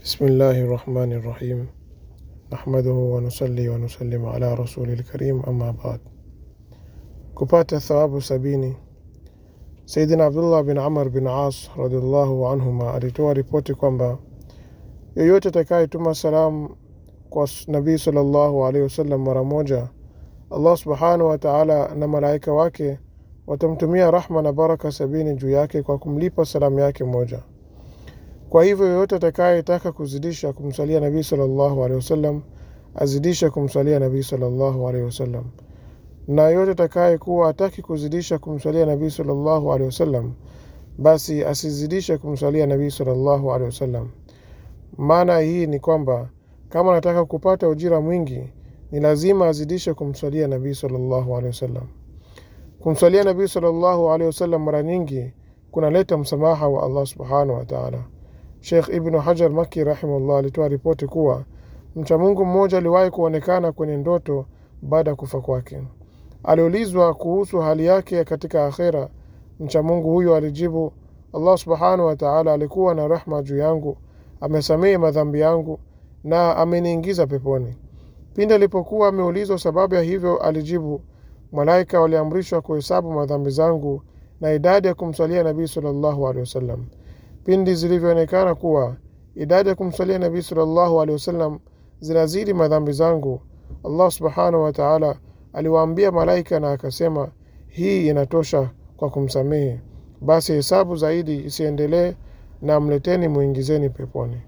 Bismillahi rahmani rahim nahmaduhu wanusali wanusalim ala rasuli lkarim amma baad. Kupata thawabu sabini. Saidina Abdullah bin amar bin As radiallahu anhuma alitoa ripoti kwamba yoyote atakayetuma salamu kwa Nabii sallallahu alaihi wasallam mara moja, Allah subhanahu wataala na malaika wake watamtumia rahma na baraka sabini juu yake kwa kumlipa salamu yake moja. Kwa hivyo yoyote atakayetaka kuzidisha kumsalia Nabii sallallahu alaihi wasallam azidisha kumsalia Nabii sallallahu alaihi wasallam, na yoyote atakayekuwa ataki kuzidisha kumsalia Nabii sallallahu alaihi wasallam, basi asizidishe kumsalia Nabii sallallahu alaihi wasallam. Maana hii ni kwamba kama anataka kupata ujira mwingi ni lazima azidishe kumsalia Nabii sallallahu alaihi wasallam. Kumsalia Nabii sallallahu alaihi wasallam mara nyingi kunaleta msamaha wa Allah subhanahu wa taala. Sheikh Ibnu Hajar Maki rahimahullah alitoa ripoti kuwa mcha Mungu mmoja aliwahi kuonekana kwenye ndoto baada ya kufa kwake. Aliulizwa kuhusu hali yake katika akhera. Mcha Mungu huyo alijibu, Allah subhanahu wa taala alikuwa na rahma juu yangu, amesamehe madhambi yangu na ameniingiza peponi. Pindi alipokuwa ameulizwa sababu ya hivyo, alijibu, malaika waliamrishwa kuhesabu madhambi zangu na idadi ya kumsalia Nabii sallallahu alaihi wasallam pindi zilivyoonekana kuwa idadi ya kumswalia nabii sallallahu alaihi wasallam zinazidi madhambi zangu allah subhanahu wataala aliwaambia malaika na akasema hii inatosha kwa kumsamehe basi hesabu zaidi isiendelee na mleteni muingizeni peponi